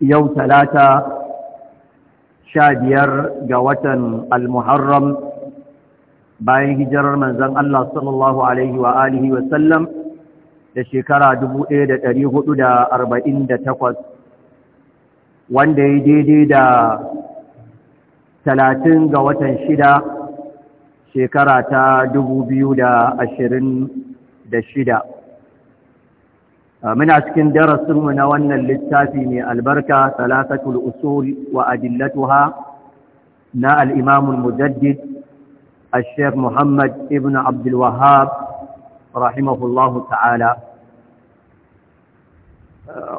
yau talata sha biyar ga watan al-muharram bayan hijirar manzan Allah sallallahu Alaihi wa alihi wasallam da shekara takwas, wanda ya daidai da talatin ga watan shida shekara ta da shida. من أسكن درس من أن للتاتين البركة ثلاثة الأصول وأدلتها ناء الإمام المجدد الشيخ محمد ابن عبد الوهاب رحمه الله تعالى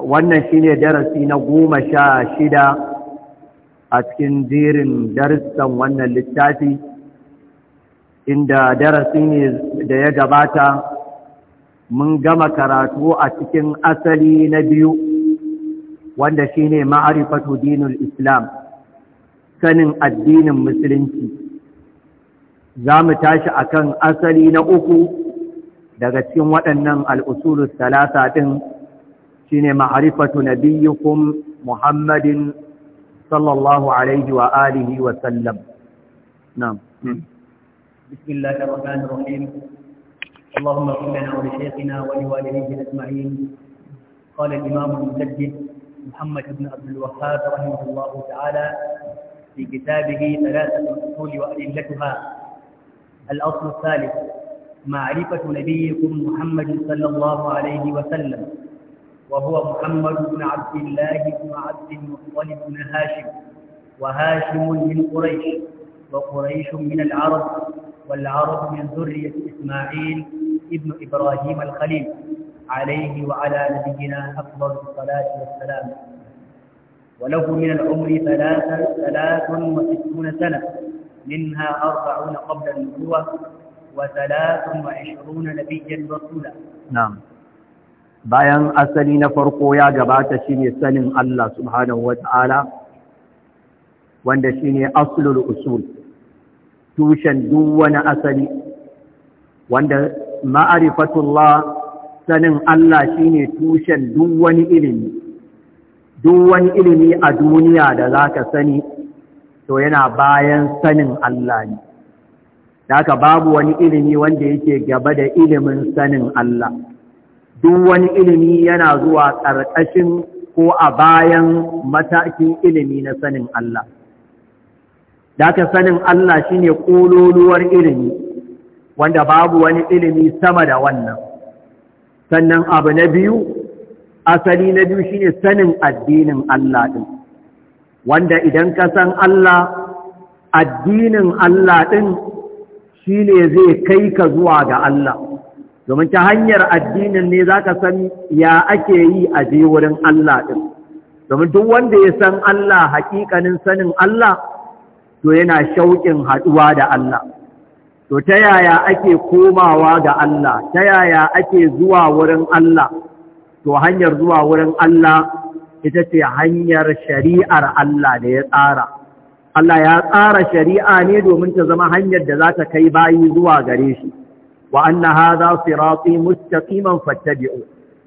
والنشين درس نقوم شاشدا أسكن دير درس من أن للتاتين إن درسين ديجباتا درس mun gama karatu a cikin asali na biyu wanda shine ma'arifatu dinul islam sanin addinin musulunci za mu tashi akan asali na uku daga cikin waɗannan al'usulu talata ɗin shi ne ma'arifatu na biyukun muhammadin sallallahu alaihi wa alihi wa sallam. Na'am. Bismillahirrahmanirrahim. اللهم اغفر لنا ولشيخنا ولوالديه اجمعين قال الامام المسجد محمد بن عبد الوهاب رحمه الله تعالى في كتابه ثلاثه الاصول وادلتها الاصل الثالث معرفه نبيكم محمد صلى الله عليه وسلم وهو محمد بن عبد الله بن عبد المطلب بن هاشم وهاشم من قريش وقريش من العرب والعرب من ذرية إسماعيل ابن إبراهيم الخليل عليه وعلى نبينا أفضل الصلاة والسلام وله من العمر ثلاثة ثلاث وستون سنة منها أربعون قبل النبوة وثلاث وعشرون نبيا رسولا نعم bayan asali na farko ya gabata shine sanin Allah subhanahu wataala wanda shine aslul usul tushen duk wani asali wanda ma'arifatullah sanin Allah shine tushen duk wani ilimi duk wani ilimi a duniya da zaka sani to yana bayan sanin Allah ne haka babu wani ilimi wanda yake gaba da ilimin sanin Allah duk wani ilimi yana zuwa ƙarƙashin ko a bayan matakin ilimi na sanin Allah da aka sanin Allah shi ne kololuwar ilimi wanda babu wani ilimi sama da wannan sannan abu na biyu asali na biyu shi ne sanin addinin Allah ɗin. wanda idan ka san Allah addinin Allah ɗin shi ne zai kai ka zuwa ga Allah domin ta hanyar addinin ne zaka san ya ake yi a je wurin Allah ɗin, domin duk wanda ya san Allah hakikanin sanin Allah to yana shauƙin haɗuwa da Allah to ta yaya ake komawa ga Allah ta yaya ake zuwa wurin Allah to hanyar zuwa wurin Allah ita ce hanyar shari'ar Allah da ya tsara Allah ya tsara shari'a ne domin ta zama hanyar da za ta kai bayi zuwa gare shi wa anna hadha sirati mustaqiman fattabi'u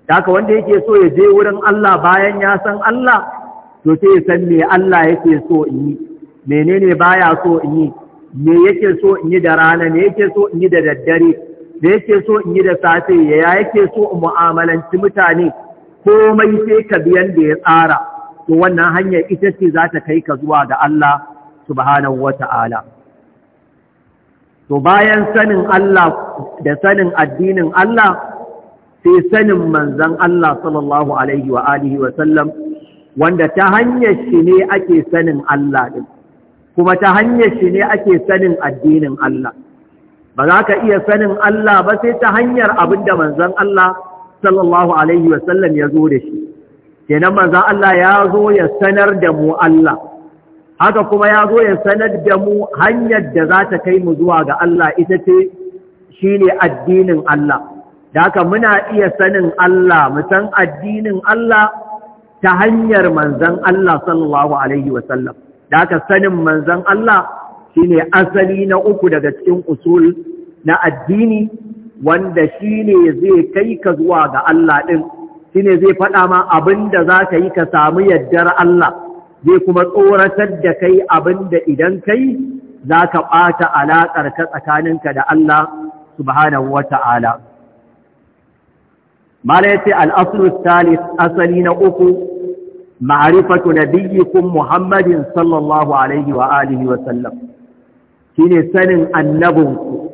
haka wanda yake so ya je wurin Allah bayan ya san Allah to sai ya san me Allah yake so in yi menene baya so in yi me yake so in yi da rana me yake so in yi da daddare me yake so in yi da safe ya yake so in mu'amalanci mutane komai sai ka biyan da ya tsara to wannan hanyar ita ce za ta kai ka zuwa ga Allah subhanahu wata'ala to bayan sanin Allah da sanin addinin Allah sai sanin manzan Allah sallallahu alaihi wa wa sallam wanda ta hanyar shi ne ake sanin Allah din kuma ta hanyar shi ne ake sanin addinin Allah ba za ka iya sanin Allah ba sai ta hanyar abin da manzon Allah sallallahu alaihi wasallam ya zo da shi kenan manzan Allah ya zo ya sanar da mu Allah haka kuma ya zo ya sanar da mu hanyar da za ta kai mu zuwa ga Allah ita ce shine addinin Allah da haka muna iya sanin Allah mu san addinin Allah ta hanyar manzon Allah sallallahu alaihi wasallam da aka sanin manzan Allah shi ne asali na uku daga cikin usul na addini wanda shi ne zai kai ka zuwa ga Allah ɗin. Shi ne zai faɗa ma abinda za ka yi ka samu yaddar Allah zai kuma tsoratar da kai abin da idan kai za ka ɓata alaƙar ka tsakaninka da Allah subhanahu wa ta'ala. Mala ya ce al'asulu asali na uku ma'arifatu nabiyikum Muhammadin sallallahu alaihi wa alihi wa sallam shine sanin annabinku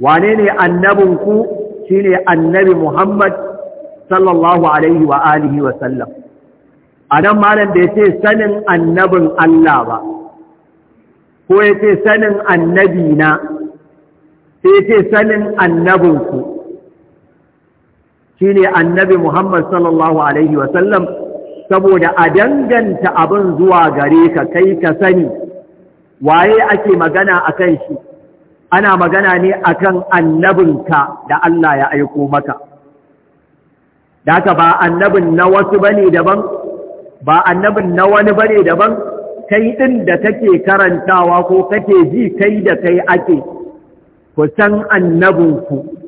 wane ne annabinku shine annabi Muhammad sallallahu alaihi wa alihi wa sallam anan malam bai ce sanin annabin Allah ba ko ya ce sanin annabi na sai ce sanin annabinku shine annabi Muhammad sallallahu alaihi wa sallam saboda a danganta abin zuwa gare ka kai ka sani waye ake magana akan shi ana magana ne akan annabinka da Allah ya aiko maka daka ba annabin na wasu bane daban ba annabin na wani bane daban kai ɗin da kake karantawa ko kake ji kai da kai ake ku san annabinku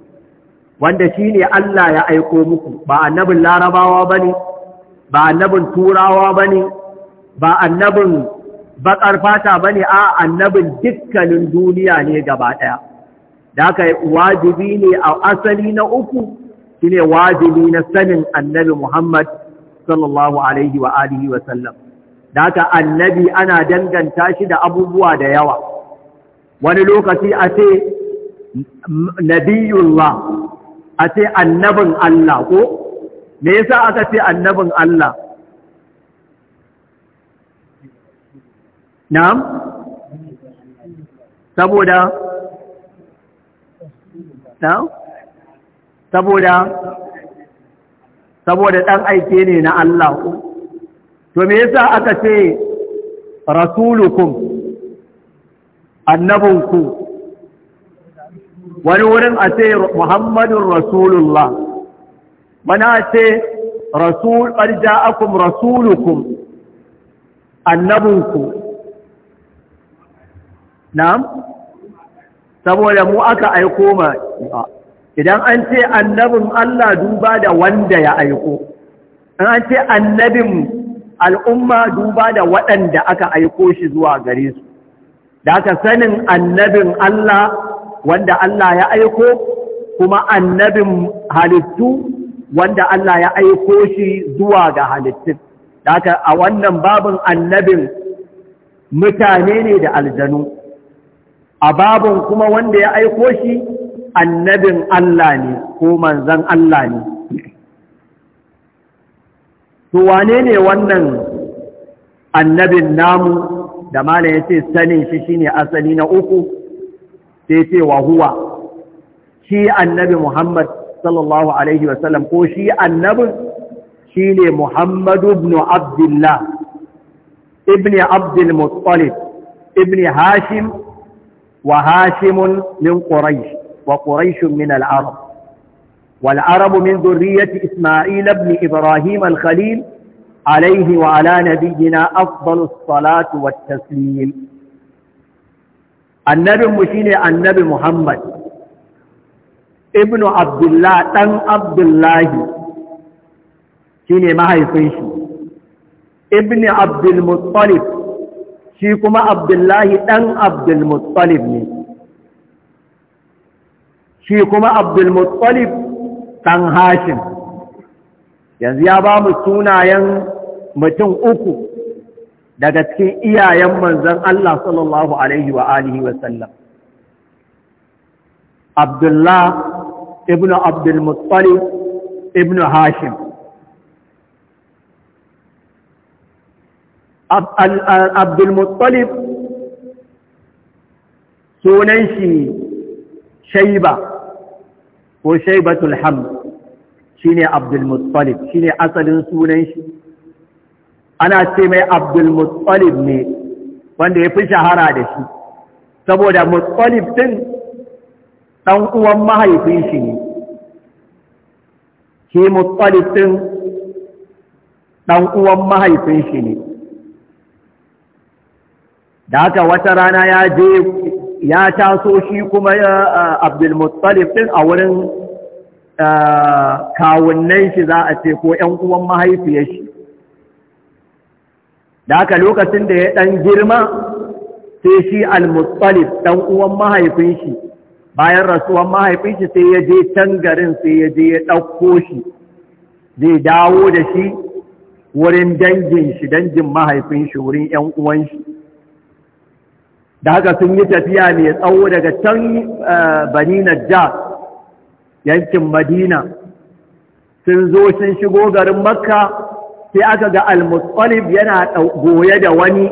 wanda shi ne Allah ya aiko muku ba annabin larabawa ba ne ba annabin turawa ba ne ba annabin bakar fata ba ne a annabin dukkanin duniya ne gaba ɗaya da aka wajibi ne a asali na uku shi ne wajibi na sanin annabi Muhammad sallallahu alaihi wa alihi wa sallam da aka annabi ana danganta shi da abubuwa da yawa wani lokaci a ce nabiyullah a ce annabin Allah ko me yasa aka ce annabin Allah na'am saboda na'am saboda saboda dan aike ne na Allah ko to me yasa aka ce rasulukum annabinku wani wurin a ce muhammadun rasulullah mana ce rasul ja'akum rasulukum annabinku na'am saboda mu aka aiko ma idan an ce annabin Allah duba da wanda ya aiko an ce annabin al'umma duba da waɗanda aka aiko shi zuwa gare su da aka sanin annabin Allah wanda Allah ya aiko kuma annabin halittu wanda Allah ya aiko shi zuwa ga halittun Daka a wannan babin annabin mutane ne da aljanu a babin kuma wanda ya aiko shi annabin Allah ne ko manzan Allah ne to wane ne wannan annabin namu da malam ya ce sanin shi shine asali na uku sai ce wa huwa shi annabi Muhammad sallallahu alaihi wasallam ko shi annabin shine Muhammad ibn Abdullah ibn Abdul Muttalib ibn Hashim wa Hashim min Quraysh wa Quraysh min al-Arab wal Arab min dhurriyyati Isma'il ibn Ibrahim al-Khalil عليه وعلى نبينا أفضل الصلاة والتسليم annabinmu shine annabi Muhammad ibnu Abdullah ɗan Abdullahi shine mahaifin shi ibni Abdul Muttalib shi kuma Abdullahi ɗan Abdul Muttalib ne shi kuma Abdul Muttalib ɗan Hashim yanzu ya ba mu sunayen mutum uku daga cikin iyayen manzan Allah sallallahu Alaihi wa alihi wasallam. Abdullah ibn Abdulmuttalib ibn Hashim. Abdulmuttalib sunan shi Shaiba ko Shaibatul Hamd shi ne Abdulmuttalib shi ne asalin sunan shi. ana ce mai Abdul Muttalib ne wanda ya fi shahara da shi saboda mutsalib ɗin ɗan uwan mahaifin shi ne shi mutsalib ɗin ɗan uwan mahaifin shi ne da haka wata rana ya je ya taso shi kuma Abdul Muttalib ɗin a wurin kawunnan shi za a ce ko ‘yan uwan mahaifiyar shi da haka lokacin da ya ɗan girma sai shi al-muttalib ɗan uwan mahaifin shi bayan rasuwan mahaifin shi sai ya je can garin sai ya je ya ɗauko shi zai dawo da shi wurin dangin shi dangin mahaifin shi wurin ‘yan uwan shi da haka sun yi tafiya mai tsawo daga can eh, bani najjar yankin madina sun zo sun shigo garin makka sai aka ga al-muttalib yana goye da wani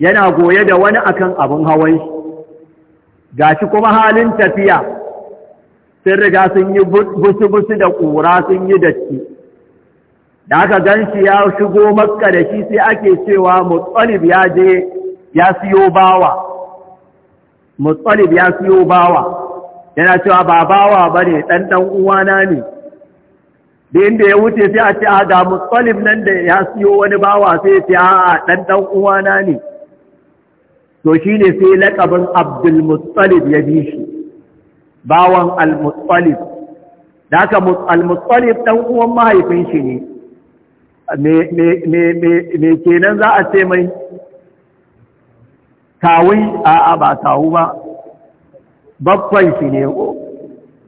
yana goye da wani akan abin hawan shi gashi kuma halin tafiya sun riga sun yi busu-busu da ƙura sun yi datti da aka gan shi ya shigo makka da shi sai ake cewa mutsalib ya je ya siyo bawa ya siyo bawa yana cewa ba bawa bane ne ɗanɗan uwana ne da inda ya wuce sai a ce a ah, ga nan da ya siyo wani bawa sai ya ce a ah, ɗan ɗan uwana ne to shi ne sai laƙabin abdulmutsalib ya bi shi bawan almutsalib da aka almutsalib ɗan uwan mahaifin shi ne me kenan za a ce mai Kawai? a ba kawu ba baffan shi ne ko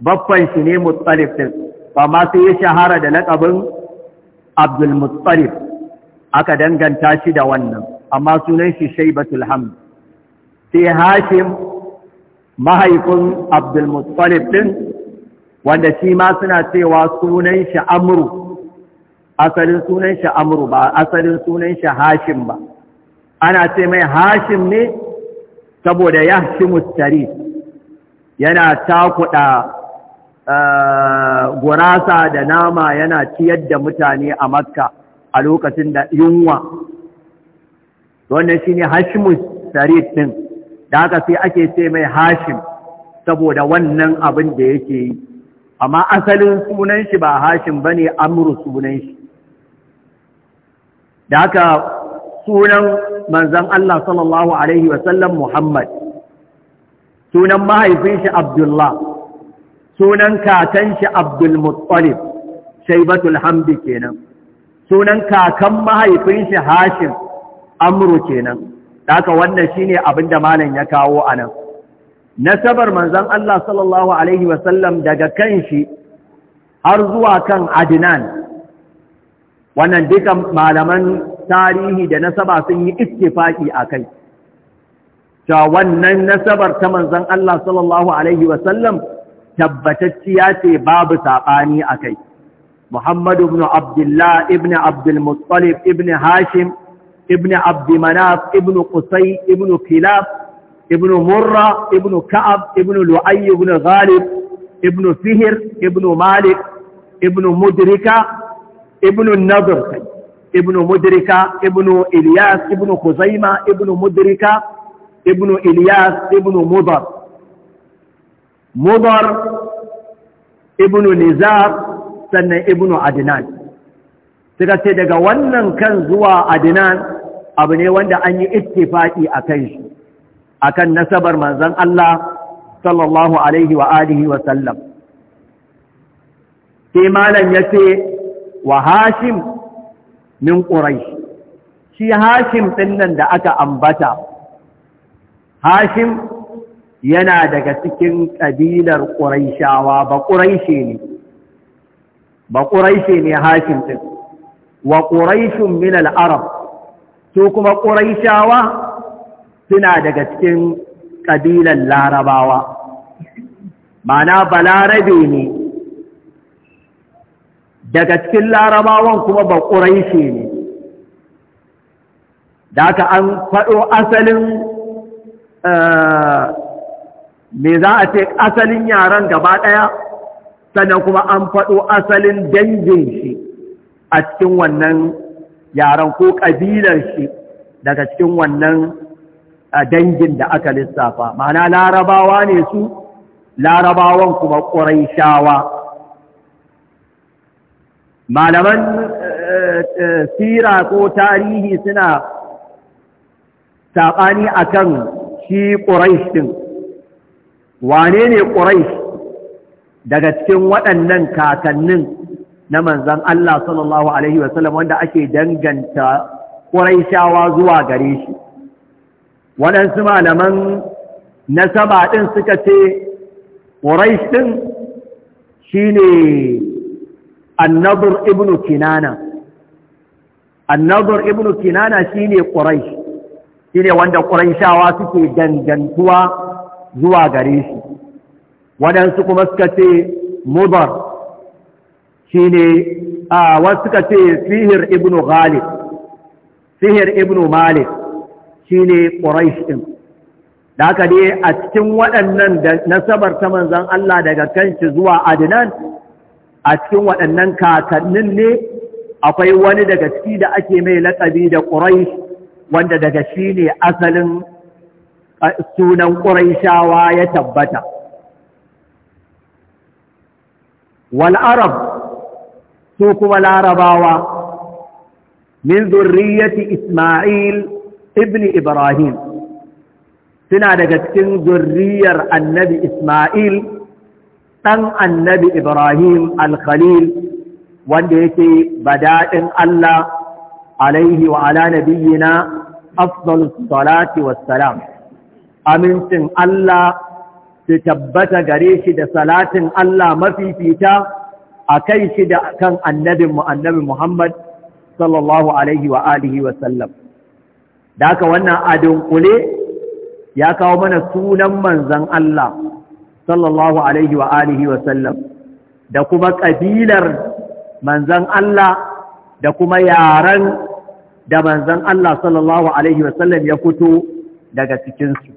baffan shi ne mutsalib ɗin amma sai ya shahara da laƙabin abdulmuttalib aka danganta shi da wannan amma sunan shi shaibatul hamd sai hashim mahaifin abdulmuttalib din wanda shi ma suna cewa sunan shi amru asalin sunan shi amru ba asalin sunan shi hashim ba ana ce mai hashim ne saboda yahshimu tari yana takuda Ah, gurasa da nama yana ciyar da mutane a makka a lokacin da yunwa wannan shine hashimus sarit ɗin, da haka sai ake ce mai hashim saboda wannan abin da yake yi amma asalin sunan shi ba hashim bane amru sunan shi da haka sunan manzon Allah sallallahu alaihi wasallam Muhammad sunan mahaifin shi Abdullah sunan kakan shi abdulmuttalib shaibatul hamdi kenan sunan kakan mahaifin shi hashim amru kenan haka wannan shine abin da malam ya kawo anan nasabar manzon Allah sallallahu alaihi wasallam daga kan shi har zuwa kan adnan wannan duka malaman tarihi da nasaba sun yi ittifaki akai cewa wannan nasabar ta manzon Allah sallallahu alaihi wasallam tabbatacciya ce babu saɓani a kai muhammadu ibn abdullah ibn abdulmuttalib ibn hashim ibn abdimanaf ibn qusay ibn kilab ibn murra ibn ka'ab ibn lu'ay ibn ghalib ibn fihir ibn malik ibn mudrika ibn nadr ibn mudrika ibn ilyas ibn khuzaima ibn mudrika ibn ilyas ibn Mubar. mudar ibnu nizar sannan ibnu adnan suka ce daga wannan kan zuwa adnan abu ne wanda an yi ittifaki a kan shi a kan nasabar manzan Allah sallallahu alaihi wa alihi wa sallam sai malam ya ce wa hashim min ƙuraishi shi hashim ɗin nan da aka ambata hashim yana daga cikin ƙabilar ƙuraishawa ba ƙuraishe ne ba ƙuraishe ne hashim ɗin wa ƙuraishun min al'arab su kuma ƙuraishawa suna daga cikin ƙabilar larabawa mana balarabe ne daga cikin larabawan kuma ba ƙuraishe ne da aka an faɗo asalin eh, me za a ce asalin yaran gaba ɗaya sannan kuma an faɗo asalin dangin shi a cikin wannan yaran ko ƙabilar shi daga cikin wannan dangin da aka lissafa ma'ana larabawa ne su larabawan kuma ƙurai shawa malaman tsira eh, eh, ko tarihi suna saɓani a kan shi ƙurai ɗin wane ne daga cikin waɗannan kakannin na manzan Allah sallallahu alaihi wasallam wanda ake danganta quraishawa zuwa gare shi waɗansu malaman nasaba ɗin suka ce quraish ɗin shine annabur Ibn kinana annabur Ibn kinana shine shi shine wanda ƙuraishawa suke dangantuwa zuwa gare shi waɗansu kuma suka ce mubar shi ne a wasu suka ce sihir Ibnu ghalib sihir ibn malik shi ne ƙuraish ɗin da aka ne a cikin waɗannan da nasabar ta manzan Allah daga shi zuwa adinan a cikin waɗannan kakannin ne akwai wani daga ciki da ake mai laƙabi da ƙuraish wanda daga shi ne asalin sunan ƙuraishawa ya tabbata wal'arab su kuma larabawa min zurriyati isma'il ibn ibrahim suna daga cikin zurriyar annabi isma'il ɗan annabi ibrahim al-khalil wanda yake badaɗin Allah alaihi wa ala nabiyyina afdalus salati wassalam salam amincin Allah su tabbata gare shi da salatin Allah mafifita a kai shi da kan annabinmu annabin Muhammad sallallahu alaihi wa alihi wa sallam da haka wannan adin kule ya kawo mana sunan manzan Allah sallallahu alaihi wa alihi wa sallam da kuma ƙabilar manzan Allah da kuma yaren da manzan Allah sallallahu alaihi wa sallam ya fito daga cikinsu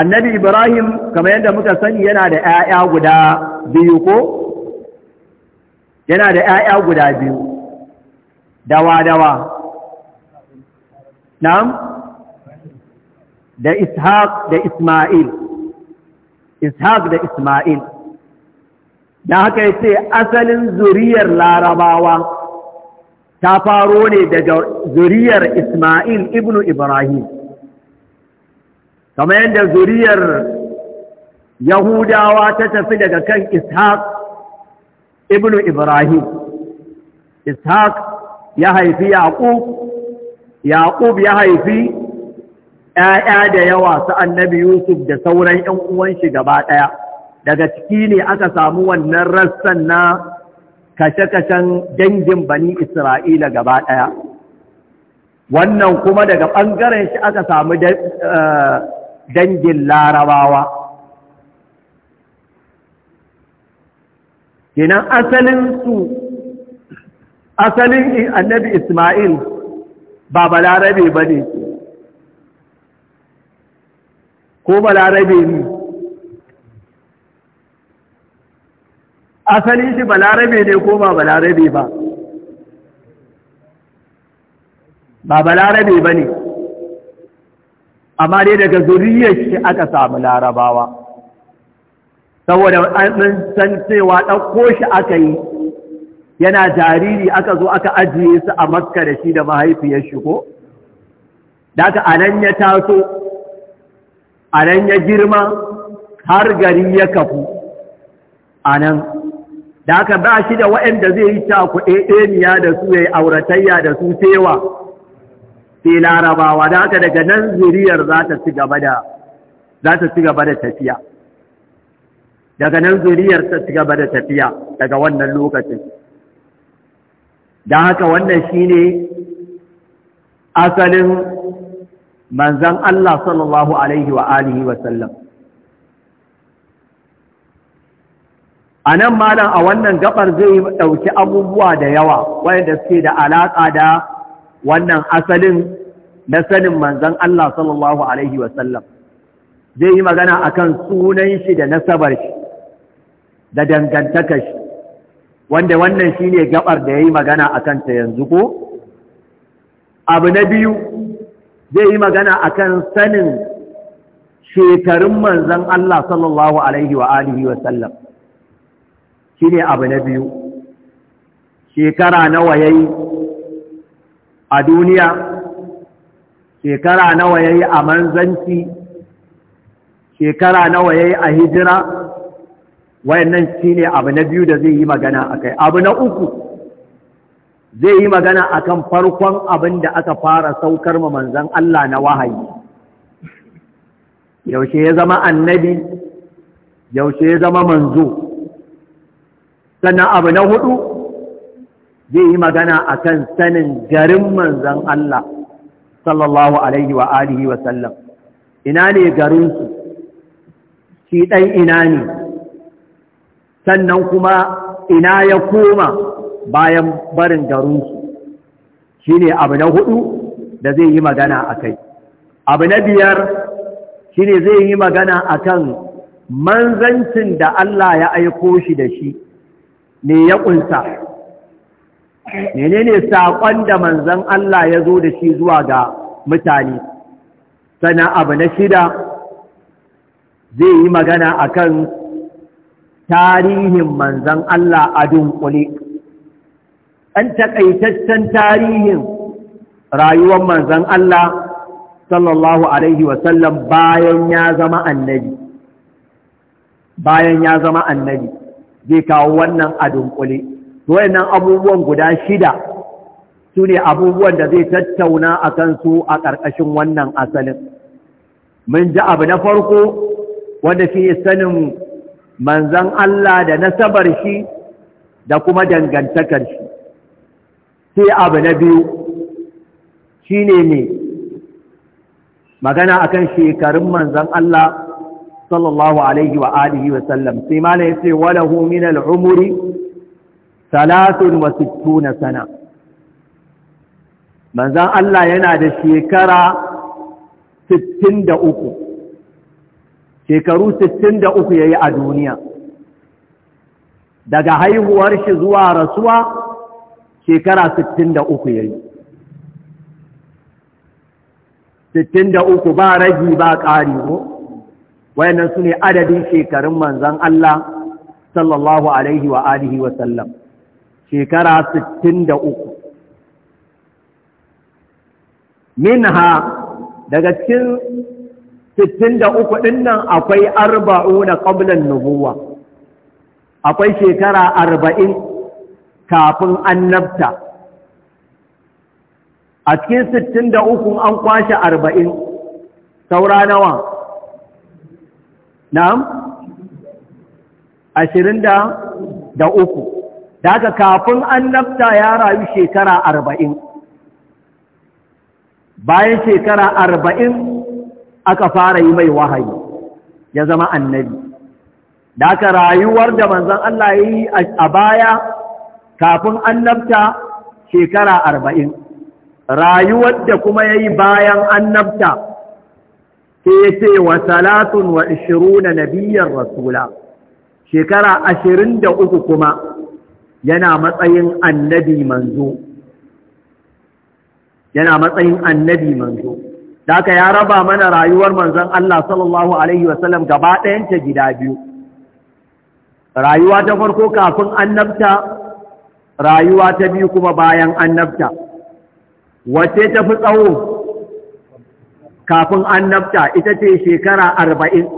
annabi ibrahim kamar yadda muka sani yana da 'ya'ya guda biyu ko yana da 'ya'ya guda biyu dawa dawa na'am da ishaq da isma'il ishaq da isma'il da haka yace asalin zuriyar larabawa ta faro ne daga zuriyar isma'il ibnu ibrahim kamar yadda zuriyar yahudawa ta tafi daga kan ishaq ibn ibrahim ishaq ya haifi yaqub yaqub ya haifi ‘ya'ya da yawa su annabi yusuf da sauran ‘yan uwan gaba ɗaya daga ciki ne aka samu wannan rassan na kashe-kashen dangin bani isra'ila gaba ɗaya wannan kuma daga ɓangaren shi aka samu eh, dangin larabawa kenan asalin su asalin annabi isma'il ba balarabe ba ne ko balarabe ne asalin shi balarabe ne ko ba balarabe ba ba balarabe ba ne amma dai daga zuriyar shi aka samu larabawa saboda an san cewa ɗauko shi aka yi yana jariri aka zo aka ajiye su a makka da shi da mahaifiyar shi ko da aka anan ya taso anan ya girma har gari ya kafu anan da aka ba shi da waɗanda zai yi cakuɗe ɗeniya da su ya yi auratayya da su tewa sai larabawa da haka daga nan zuriyar za ta ci gaba da tafiya daga nan zuriyar ta ci gaba da tafiya daga wannan lokacin da haka wannan shine asalin manzan Allah sallallahu alaihi wa alihi wa sallam a nan malam a wannan gabar zai ɗauki abubuwa da yawa wanda suke da alaƙa da wannan asalin na sanin manzan Allah sallallahu Alaihi wasallam zai yi magana a kan sunan shi da nasabar shi da dangantaka shi wanda wannan shi ne gabar da ya yi magana a kanta yanzu ko? abu na biyu zai yi magana a kan sanin shekarun manzan Allah sallallahu Alaihi wa alihi wasallam shi ne abu na biyu shekara nawa ya yi a duniya shekara nawa ya yi a manzanci shekara nawa ya yi a hijira wayannan shi ne abu na biyu da zai yi magana a kai abu na uku zai yi magana a kan farkon abin da aka fara saukar ma manzan Allah na wahayi yaushe ya zama annabi yaushe ya zama manzo sannan abu na hudu zai yi magana akan sanin garin manzan Allah sallallahu alaihi wa alihi wa sallam ina ne garinsu shi ɗan ina ne sannan kuma ina ya koma bayan barin garinsu shi ne abu na hudu da zai yi magana a kai abu na biyar shi ne zai yi magana a kan manzancin da Allah ya aiko shi da shi ne ya ƙunsa menene saƙon da manzan Allah ya zo da shi zuwa ga mutane sana abu na shida zai yi magana akan tarihin manzan Allah a dunkule an taƙaitaccen tarihin rayuwar manzan Allah sallallahu alaihi wasallam bayan ya zama annabi bayan ya zama annabi zai kawo wannan a dunkule wayannan abubuwan guda shida su ne abubuwan da zai tattauna a kansu a ƙarƙashin wannan asalin mun ji abu na farko wanda shi sanin manzan Allah da nasabar shi da kuma dangantakar shi sai abu na biyu shi ne ne magana kan shekarun manzan Allah sallallahu alaihi wa sallam sai mala yace umuri. salatun wa sittuna sana manzan Allah yana da shekara 63 shekaru 63 yi a duniya daga haihuwar shi zuwa rasuwa shekara 63 yayi 63 ba ragi ba ƙari ko wayannan su ne adadin shekarun manzan Allah sallallahu alaihi wa'alihi alihi wa sallam shekara 63 minha daga cikin 63 din nan akwai arba'u na an-nubuwa akwai shekara 40 kafin annabta a cikin 63 an kwashe 40 saura nawa na'am uku? da haka kafin annabta ya rayu shekara arba'in bayan shekara arba'in aka fara yi mai wahayi ya zama annabi da aka rayuwar da manzan Allah ya yi a baya kafin annabta shekara arba'in rayuwar da kuma ya yi bayan annabta sai ce wa salatun wa na nabiyar rasula shekara ashirin da uku kuma yana matsayin annabi manzo yana matsayin annabi manzo da aka ya raba mana rayuwar manzon Allah sallallahu alaihi wasallam gaba ɗayanta gida biyu rayuwa ta farko kafin annabta rayuwa ta biyu kuma bayan annabta wace ta fi tsawo kafin annabta ita ce shekara arba'in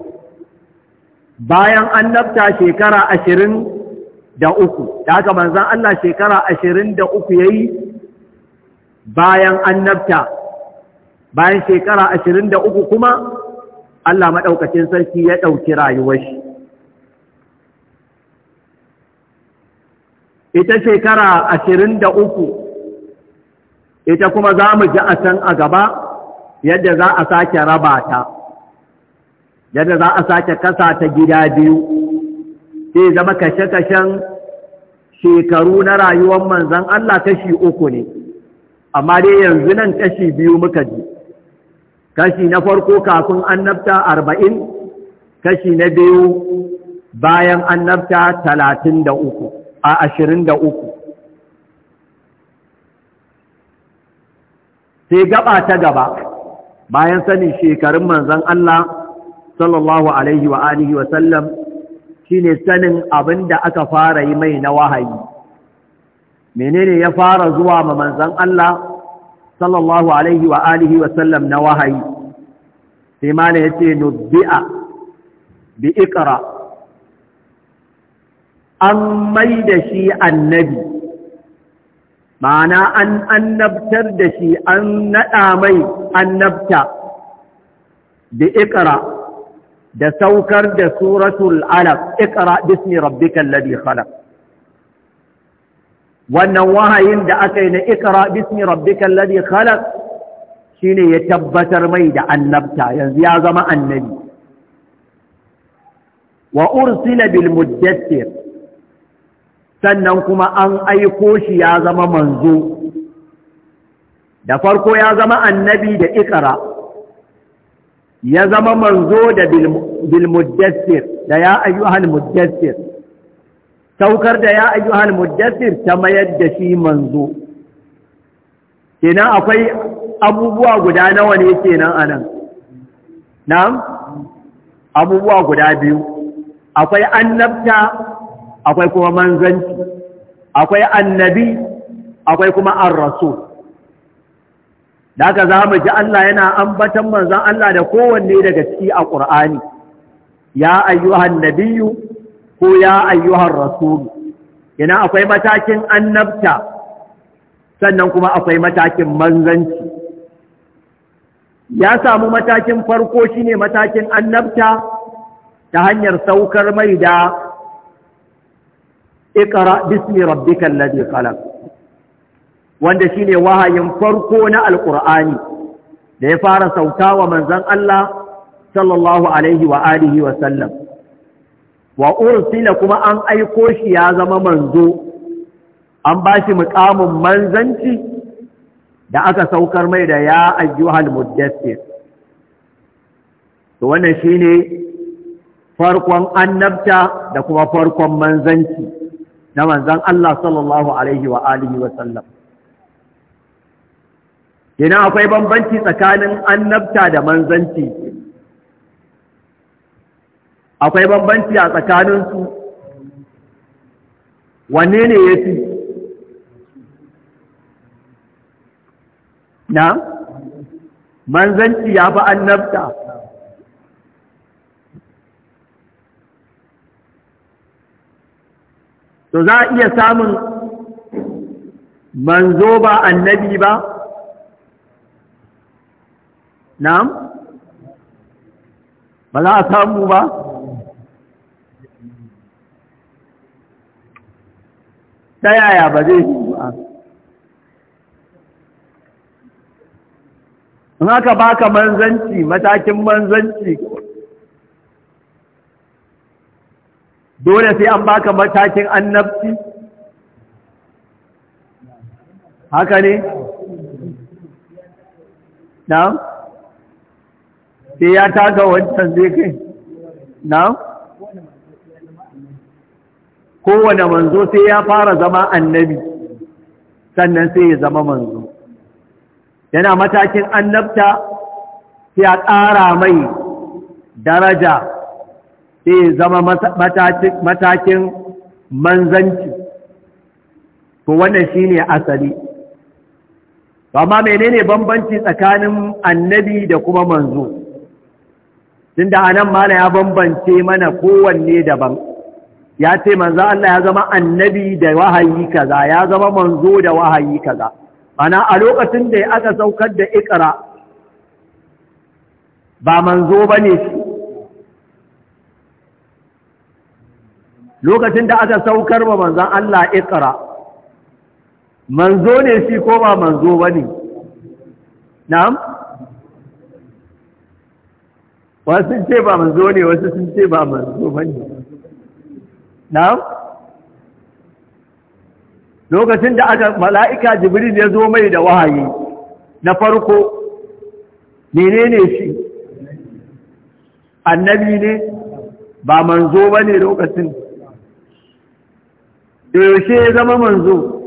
bayan annabta shekara ashirin da uku da haka manzan Allah shekara ashirin da uku ya yi bayan annabta bayan shekara ashirin da uku kuma Allah maɗaukacin sarki ya ɗauki rayuwar shi ita shekara ashirin da uku ita kuma za mu ji a can a gaba yadda za a sake raba ta yadda za a sake kasa ta gida biyu sai zama kashe-kashen shekaru na rayuwar manzan Allah kashi uku ne amma dai yanzu nan kashi biyu muka ji kashi na farko kafin an annabta arba'in kashi na biyu bayan annabta talatin da uku a ashirin da uku sai gaba ta gaba bayan sanin shekarun manzan Allah sallallahu alaihi wa wa sallam Shi ne sanin abin da aka fara yi mai na wahayi menene ya fara zuwa ma manzan Allah sallallahu alaihi wa alihi wa sallam na wahayi sai mala yace nubbi'a bi iqra an mai da shi annabi ma'ana an annabtar da shi an nada mai annabta bi iqra da saukar da suratul alaq iqra bismi rabbikal ladhi khalaq wannan wahayin da aka yi na iqra bismi rabbikal ladhi khalaq shine ya tabbatar mai da annabta yanzu ya zama annabi wa ursila bil muddathir sannan kuma an aiko shi ya zama manzo da farko ya zama annabi da iqra ya zama manzo da bilmuddassir da ya ayyuhal muddassir saukar da ya ayyuhal muddassir ta mayar da shi manzo kenan akwai abubuwa guda nawa ne kenan anan na'am abubuwa guda biyu akwai annabta akwai kuma manzanci akwai annabi akwai kuma ar-rasul da haka za mu ji Allah yana ambatan manzon Allah da kowanne daga ciki a ƙur'ani ya ayyuhan nabiyyu ko ya ayyuhan Rasulu? yana akwai matakin annabta sannan kuma akwai matakin manzanci ya samu matakin farko shi ne matakin annabta ta hanyar saukar mai da ikara bismi rabbikal ladhi khalaq wanda shine wahayin farko na Alƙur'ani da ya fara sauka wa manzon Allah sallallahu alaihi wa alihi wa sallam wa ursila kuma an aiko shi ya zama manzo an bashi mukamin manzanci da aka saukar mai da ya ayyuhal muddassir to wannan shine farkon annabta da kuma farkon manzanci na manzan Allah sallallahu alaihi wa alihi wa sallam Ina akwai bambanci tsakanin annabta da manzanci, akwai bambanci a tsakaninsu, wanne ne ya fi? Na? Manzanci ya fi annabta. To za a iya samun manzo ba annabi ba? na'am ba za a samu ba ta yaya ba zai yi ba in aka baka manzanci matakin manzanci dole sai an baka matakin annabci haka ne? na'am sai ya taka wancan zai kai na kowane manzo sai ya fara zama annabi sannan sai ya zama manzo yana matakin annabta sai ya ƙara mai daraja sai ya zama matakin manzanci to wannan shine asali ma menene bambanci tsakanin annabi da kuma manzo din da anan mala ya bambance mana kowanne daban ya ce manzo Allah ya zama annabi da wahayi kaza ya zama manzo da wahayi kaza ana a lokacin da aka saukar da ikra ba manzo bane lokacin da aka saukar ba manzo Allah ikra manzo ne shi ko ba manzo bane na'am wasu sun ce ba zo ne wasu sun ce ba zo ba ne na'am lokacin da aka mala'ika jibril ya zo mai da wahayi na farko menene shi annabi ne ba manzo ba ne lokacin yaushe ya zama manzo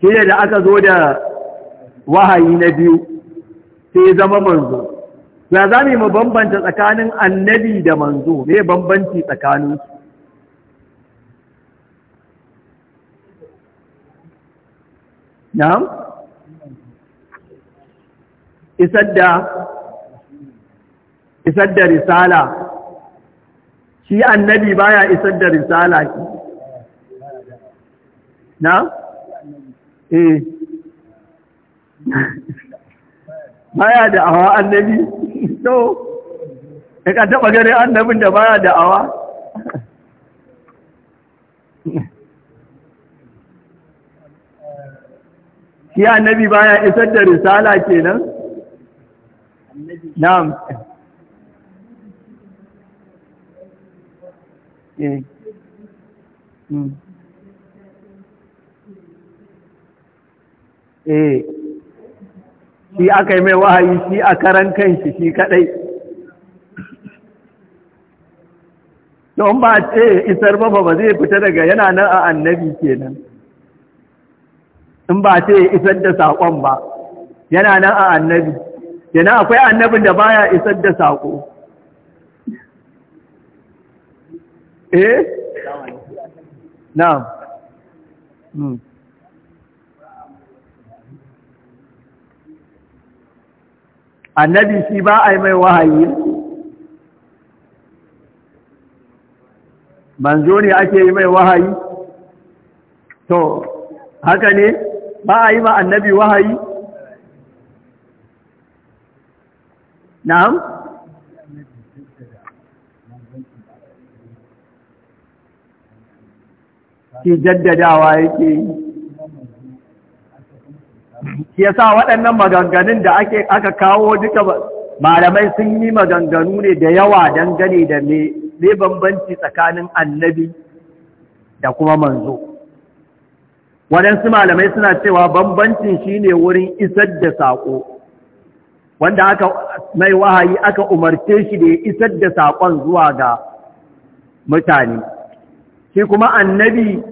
shi da aka zo da wahayi na biyu sai ya zama manzo ya za mu bambanta tsakanin annabi da manzo me bambanci tsakanin su na'am isar da isar da risala shi annabi baya isar da risala shi na eh baya da awa annabi to ka taba gare annabin da baya da awa shi annabi baya isar da risala kenan na'am eh hmm. eh shi aka yi mai wahayi shi a karan kanshi shi kadai don ba ce isar ba ba zai fita daga yana nan a annabi kenan in ba ce isar da saƙon ba yana nan a annabi yana akwai annabin da baya isar da saƙo eh na'am hmm. annabi shi ba a yi mai wahayi manzo ne ake yi mai wahayi to haka ne ba a yi ma annabi wahayi na'am ki jaddadawa yake yi yasa waɗannan maganganun da ake aka kawo duka malamai sun yi maganganu ne da yawa dangane da me bambanci tsakanin annabi da kuma manzo waɗansu malamai suna cewa bambancin shine wurin isar da saƙo wanda aka mai wahayi aka umarce shi da ya isar da saƙon zuwa ga mutane shi kuma annabi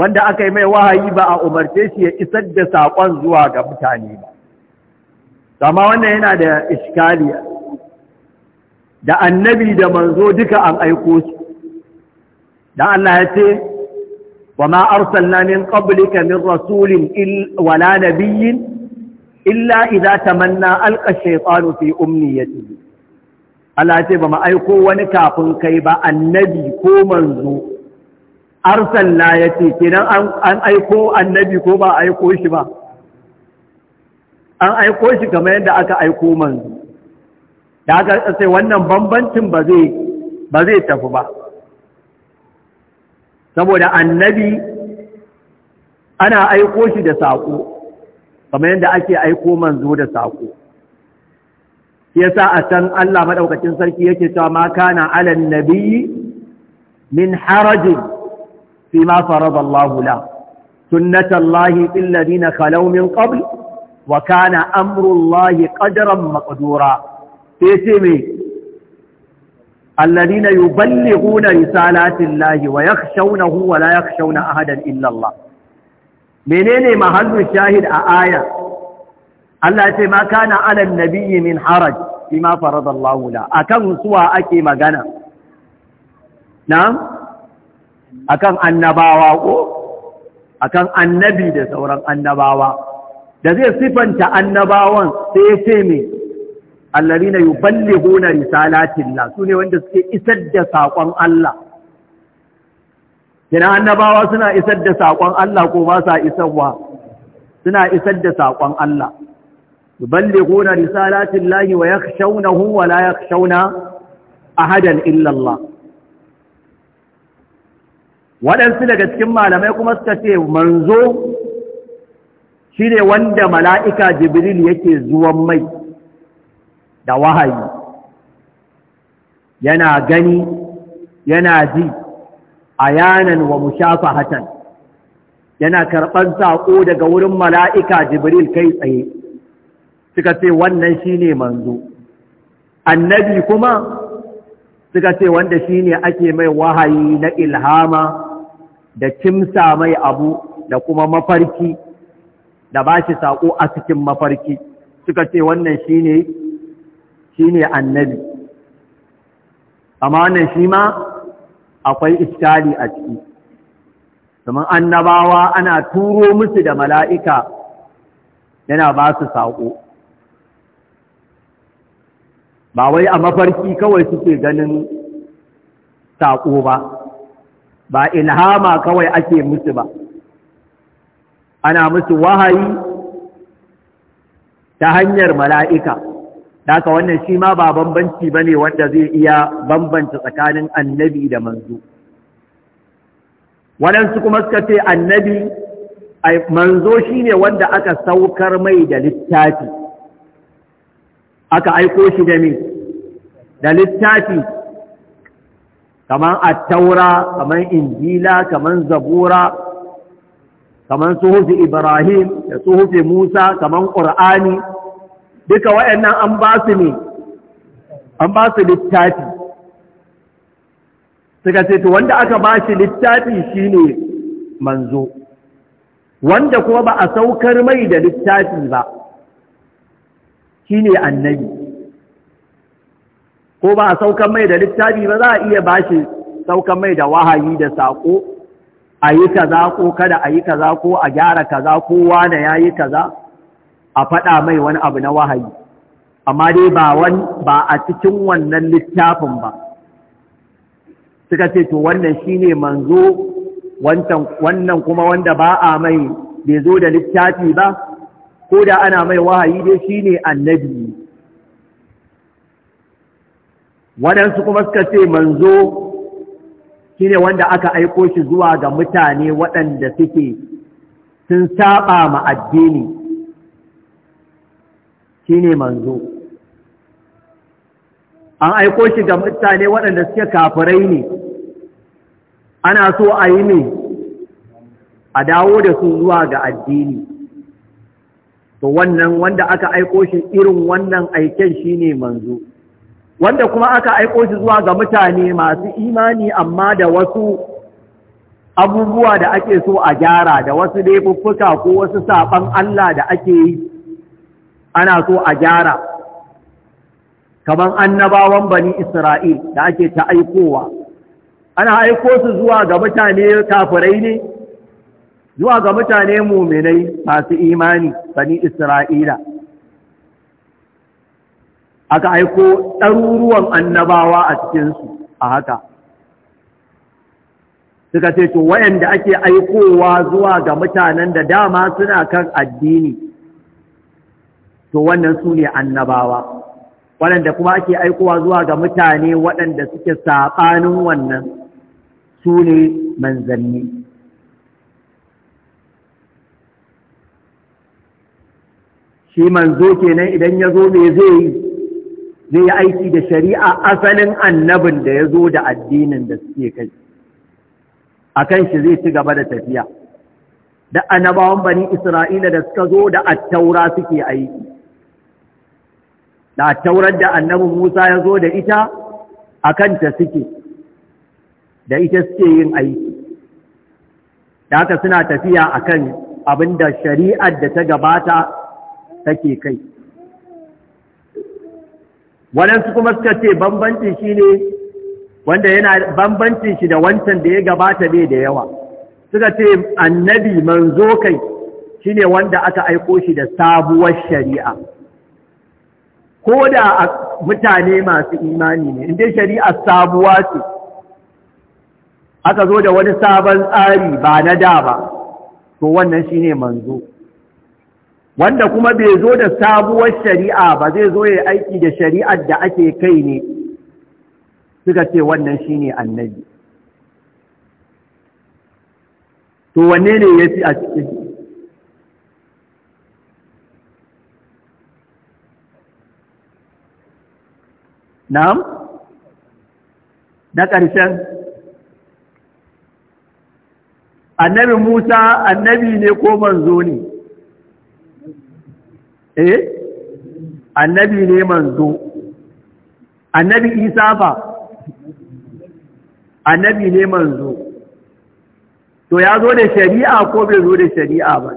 wanda aka yi mai wahayi ba a umarce shi ya isar da saƙon zuwa ga mutane ba sama wannan yana da iskali da annabi da manzo duka an aiko su Da Allah ya ce wa ma arsalna min qablika min rasulin wala nabiyyin illa idza tamanna alqa shaytanu fi umniyatihi Allah ya ce ba ma aiko wani kafin kai ba annabi ko manzo arsalna ya ce kenan an aiko annabi ko ba aiko shi ba an aiko shi kamar yadda aka aiko manzo da aka sai wannan bambancin ba zai tafi ba saboda annabi ana aiko shi da saƙo kamar yadda ake aiko manzo da saƙo Ya sa a can Allah maɗaukacin sarki yake cewa ma kana alan nabi min harajin فيما فرض الله له سنة الله في الذين خلوا من قبل وكان أمر الله قدرا مقدورا تسمي الذين يبلغون رسالات الله ويخشونه ولا يخشون أحدا إلا الله منين محل الشاهد آية الله ما كان على النبي من حرج فيما فرض الله له أكم سوى أكي مغانا نعم akan annabawa ko akan annabi da sauran annabawa da zai sifanta annabawan sai ya ce me alladina yuballighuna risalatillah sune wanda suke isar da sakon Allah kina annabawa suna isar da sakon Allah ko ba sa isarwa suna isar da sakon Allah yuballighuna risalatillah wa yakhshawnahu wa la yakhshawna ahadan illa Allah waɗansu daga cikin malamai kuma suka ce manzo shi ne wanda mala'ika jibril yake zuwan mai da wahayi yana gani yana ji a yanan wa hatan, yana karɓar saƙo daga wurin mala'ika jibril kai tsaye suka ce wannan shi ne manzo annabi kuma suka ce wanda shi ne ake mai wahayi na ilhama da kimsa mai abu da kuma mafarki da ba shi saƙo a cikin mafarki suka ce wannan shi ne annabi amma wannan shi ma akwai iskali a ciki domin annabawa ana turo musu da mala'ika yana ba su saƙo ba wai a mafarki kawai suke ganin saƙo ba ba ilhama kawai ake musu ba ana musu wahayi ta hanyar mala'ika ka wannan shi ma ba bambanci ba ne wanda zai iya bambanta tsakanin annabi da manzo waɗansu kuma suka ce annabi manzo shi ne wanda aka saukar mai da littafi aka aiko shi da me da littafi kamar attaura kamar injila kamar zabura kamar suhufi ibrahim da suhufi musa kamar ƙur'ani duka waɗannan an ba su ne an ba su littafi suka ce wanda aka ba shi littafi shine manzo wanda kuma ba a saukar mai da littafi ba shine annabi ko ba a saukan mai da littafi ba za a iya bashi saukan mai da wahayi da saƙo a yi kaza ko kada a yi kaza ko a gyara kaza ko wane ya yi kaza a faɗa mai wani abu na wahayi amma dai ba a cikin wannan littafin ba suka ce to wannan shi ne manzo wannan kuma wanda ba a mai bai zo da littafi ba ko da ana mai wahayi dai shi ne annabi waɗansu kuma suka ce manzo shi ne wanda aka aiko shi zuwa ga mutane waɗanda suke sun saba ma addini shi ne manzo an aiko shi ga mutane waɗanda suke kafirai ne ana so a yi ne a dawo da su zuwa ga addini to wannan wanda aka aiko shi irin wannan aiken ne manzo wanda kuma aka aiko shi zuwa ga mutane masu imani amma da wasu abubuwa da ake so a gyara da wasu laifuffuka ko wasu saban Allah da ake yi ana so a gyara kamar annabawan bani Isra'il da ake ta aikowa ana aiko su zuwa ga mutane kafirai ne zuwa ga mutane muminai masu imani bani Isra'ila aka aiko ɗaruruwan annabawa a cikinsu a haka suka ce to wayanda ake aikowa zuwa ga mutanen da dama suna kan addini to wannan su ne annabawa waɗanda kuma ake aikowa zuwa ga mutane waɗanda suke saɓanin wannan su ne manzanni shi manzo kenan idan ya zo me zai yi zai yi aiki da shari'a asalin annabin da ya zo da addinin da suke kai a kan shi zai ci gaba da tafiya da annabawan bani isra'ila da suka zo da attaura suke aiki da attaurar da annabin musa ya zo da ita a kanta suke da ita suke yin aiki da haka suna tafiya a kan abin da shari'ar da ta gabata take kai waɗansu kuma suka ce bambancin shi ne wanda yana bambancin shi da wancan da ya gabata bai da yawa suka ce annabi manzo kai shi ne wanda aka aiko shi da sabuwar shari'a ko da mutane masu imani ne inda shari'a sabuwa ce aka zo da wani sabon tsari ba na da ba to wannan shi ne manzo wanda kuma bai zo da sabuwar shari'a ba zai zo ya aiki da shari'ar da ake kai ne suka ce wannan shi ne annabi to wanne ne ya fi a cikin na'am na ƙarshen annabi musa annabi ne ko manzo ne eh annabi ne manzo annabi isa fa annabi ne manzo to ya zo da shari'a ko bai zo da shari'a ba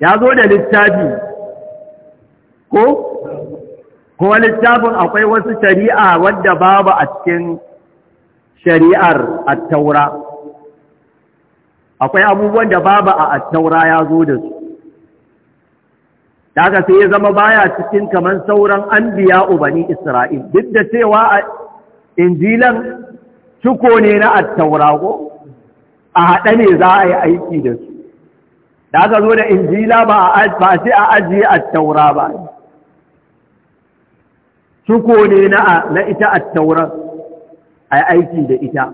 ya zo da littafi ko kuma littafin akwai wasu shari'a wadda babu a cikin shari'ar taura. akwai abubuwan da babu a attaura ya zo da su daga sai ya zama baya cikin kamar sauran anbiya ubani isra'il duk da cewa a injilan ciko ne na attaura ko a haɗa ne za a yi aiki da su daga zo da injila ba a sai a ajiye attaura ba ciko ne na ita taura a yi aiki da ita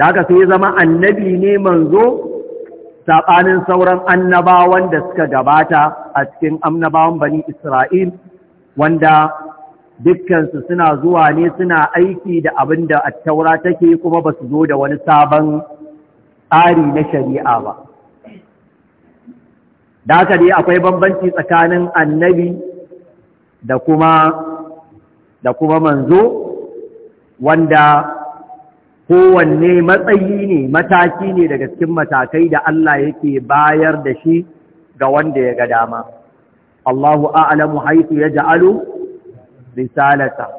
da haka sai zama annabi ne manzo saɓanin sauran annabawan da suka gabata a cikin annabawan bani Isra'il wanda dukkansu suna zuwa ne suna aiki da abin da taura take kuma ba su zo da wani sabon tsari na shari'a ba. Da haka dai akwai bambanci tsakanin annabi da kuma da kuma manzo wanda kowanne matsayi ne mataki ne daga cikin matakai da Allah yake bayar da shi ga wanda ya ga dama Allahu a'lamu ya ja'alu risalata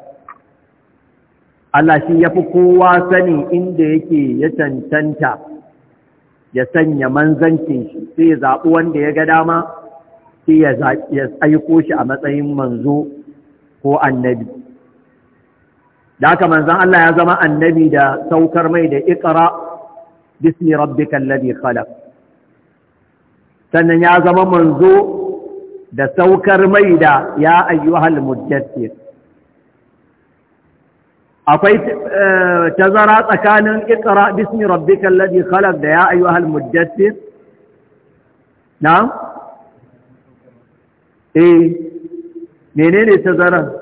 Allah shi ya fi kowa sani inda yake ya cancanta ya sanya manzancin shi sai ya zaɓi wanda ya ga dama sai ya aiko shi a matsayin manzo ko annabi da haka manzan Allah ya zama annabi da saukar mai da ikra bismi rabbikal ladhi khalaq sannan ya zama manzo da saukar mai da ya ayyuhal mujaddid akwai tazara tsakanin ikra bismi rabbikal ladhi khalaq da ya ayyuhal mujaddid na'am eh menene tazaran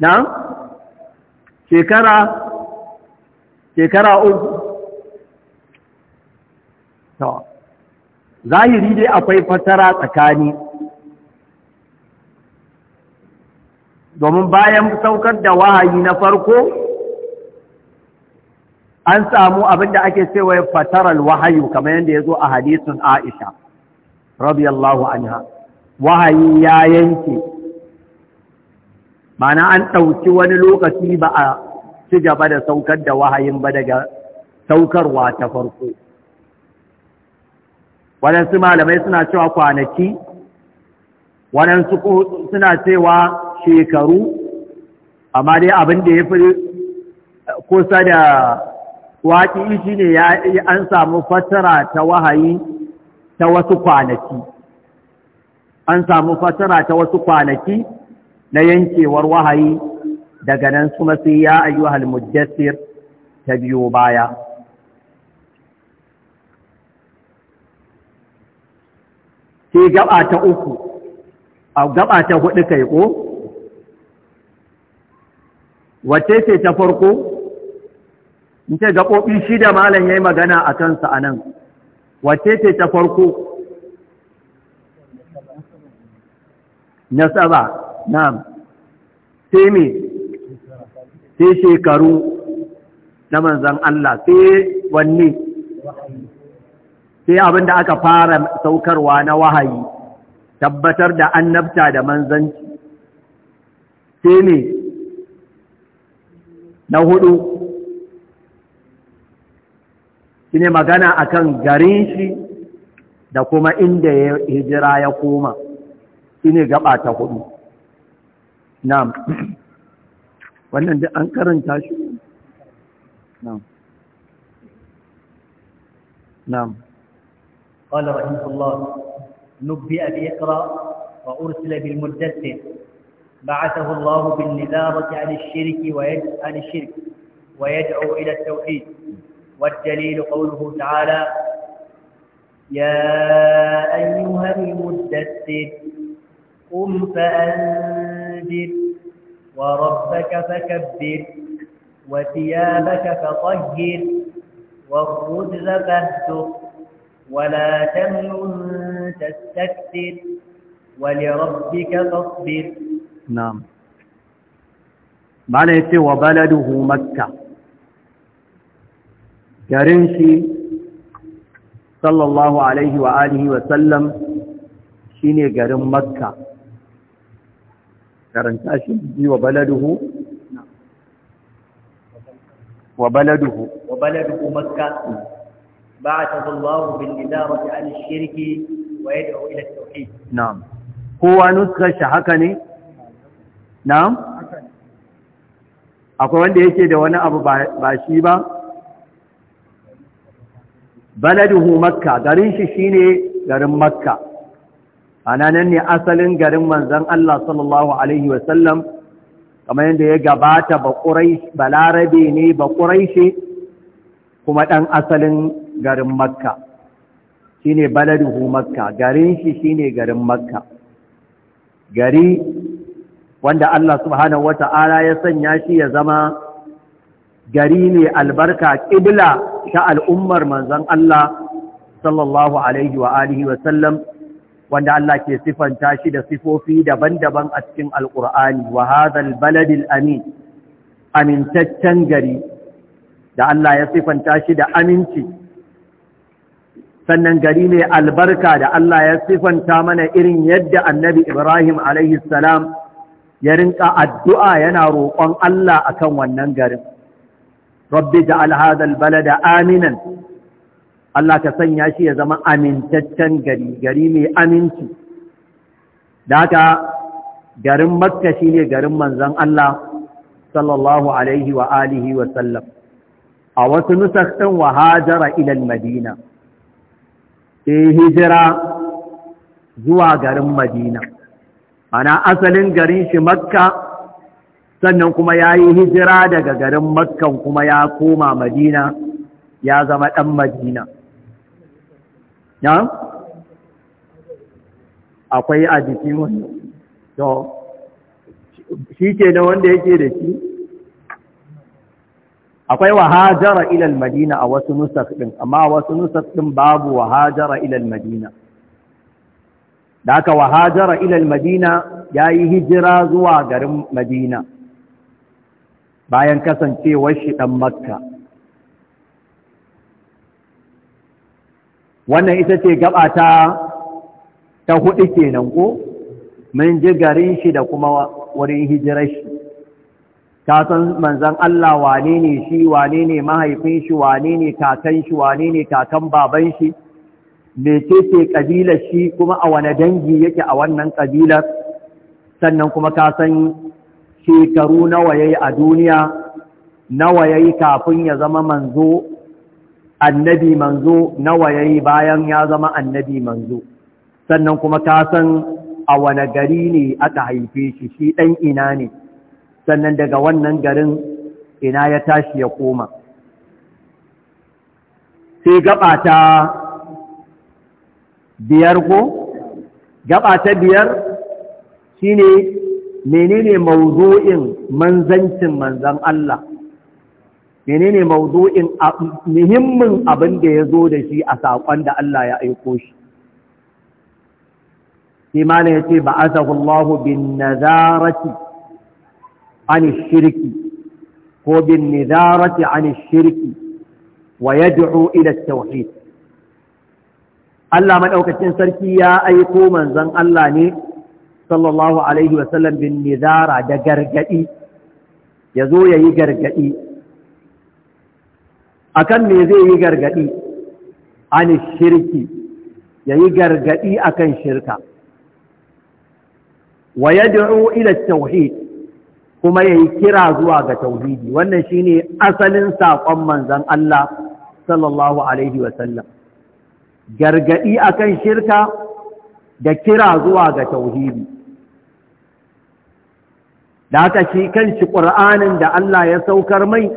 na shekara shekara uku to zahiri dai akwai fatara tsakani domin bayan saukar da wahayi na farko an samu abin da ake cewa fatarar wahayu kamar yadda ya zo a hadisun aisha radiyallahu anha wahayi ya yanke mana an ɗauki wani lokaci ba a ci gaba da saukar da wahayin ba daga saukarwa ta farko waɗansu malamai suna cewa kwanaki waɗansu suna cewa shekaru amma dai abin da ya fi kusa da waƙi shi ne an samu fasara ta wahayi ta wasu kwanaki an samu fasara ta wasu kwanaki na yankewar wahayi daga nan su sai ya ayyuhal muddassir ta biyo baya Ke gaba ta uku a gaba ta hudu kai ko wace ce ta farko in ce gaɓoɓi shida malam ya yi magana a kansa a nan wace ce ta farko Na saba. na'am sai me sai shekaru na manzan Allah sai wanne sai abin da aka fara saukarwa na wahayi tabbatar da annabta da manzanci sai me na hudu shi ne magana akan garin shi da kuma inda ya hijira ya koma shine ne gaba ta hudu na'am wannan da an karanta shi na'am na'am qala rahimahullah nubbi'a bi iqra wa ursila bil muddathir بعثه الله بالنذارة عن الشرك عن الشرك ويدعو إلى التوحيد والدليل قوله تعالى يا أيها المدثر قم فأنت فكبر وربك فكبر وثيابك فطهر والرجز فاهدر ولا تمنن تستكثر ولربك فاصبر نعم معنى يتي وبلده مكة جارنشي صلى الله عليه وآله وسلم شيني garin مكة karanta shi bi wa baladuhu wa baladuhu wa baladuhu makka ba'athahu Allah bil idarati an ash shirki, wa yad'u ila at-tauhid na'am kowa nuskar shi haka ne na'am akwai wanda yake da wani abu ba shi ba baladuhu makka garin shi shine garin makka ana nan ne asalin garin manzan Allah sallallahu Alaihi wasallam kamar yadda ya gabata ba larabe ne ba ƙuraishe kuma ɗan asalin garin makka shi ne baladuhu makka garin shi shi ne garin makka gari wanda Allah subhanahu wa ta'ala ya sanya shi ya zama gari ne albarka ƙibla ta al'ummar manzan Allah sallallahu Alaihi wa wasallam wanda Allah ke sifanta shi da sifofi daban-daban a cikin Alkur'ani, wa hadhal baladil amin amintaccen gari da Allah ya sifanta shi da aminci sannan gari mai albarka da Allah ya sifanta mana irin yadda Annabi Ibrahim alaihi salam ya rinka addu'a yana roƙon Allah akan wannan garin rabbi ja'al hadhal balada aminan Allah ka sanya shi ya zama amintaccen gari gari mai aminci da haka garin makka shi ne garin manzan Allah sallallahu alaihi wa alihi wa sallam a wasu nusassun wa hajara ilal madina sai eh, hijira zuwa garin madina ana asalin garin shi makka sannan kuma ya yi hijira daga garin makkan kuma ya koma madina ya zama ɗan madina na'am akwai a wani to shi ke na wanda yake da shi akwai wahajara ilal madina a wasu nusar ɗin amma wasu nusar ɗin babu wahajara ilal madina da aka wahajara ilal madina ya yi hijira zuwa garin madina bayan kasancewar shi ɗan makka wannan ita ce gaba ta ta hudu kenan ko mun ji garin shi da kuma wurin hijirar shi ka san manzon Allah wane ne shi wane ne mahaifin shi wane ne kakan shi wane ne kakan baban shi ce kabilar shi kuma a wane dangi yake a wannan kabilar sannan kuma ka san shekaru nawa yayi a duniya nawa yayi kafin ya zama manzo annabi manzo nawa yayi bayan ya zama annabi manzo sannan kuma ka san a wane gari ne aka haife shi shi ɗan ina ne sannan daga wannan garin ina ya tashi ya koma sai gaba ta biyar ko gaba ta biyar shine menene mawdu'in manzancin manzan Allah menene mawdu'in muhimmin abin da ya zo da shi a saƙon da Allah ya aiko shi shi ma ne yace ba'athahu Allah bin nazarati an shirki ko bin nizarati an shirki wa yad'u ila tauhid Allah maɗaukacin sarki ya aiko manzon Allah ne sallallahu alaihi wa sallam bin nizara da gargadi ya yayi gargadi akan me zai yi gargadi an shirki yayi gargadi akan shirka wa yad'u ila tauhid kuma yayi kira zuwa ga tauhidi wannan shine asalin saƙon manzon Allah sallallahu alaihi wa gargadi akan shirka da kira zuwa ga tauhidi da haka shi shi qur'anin da Allah ya saukar mai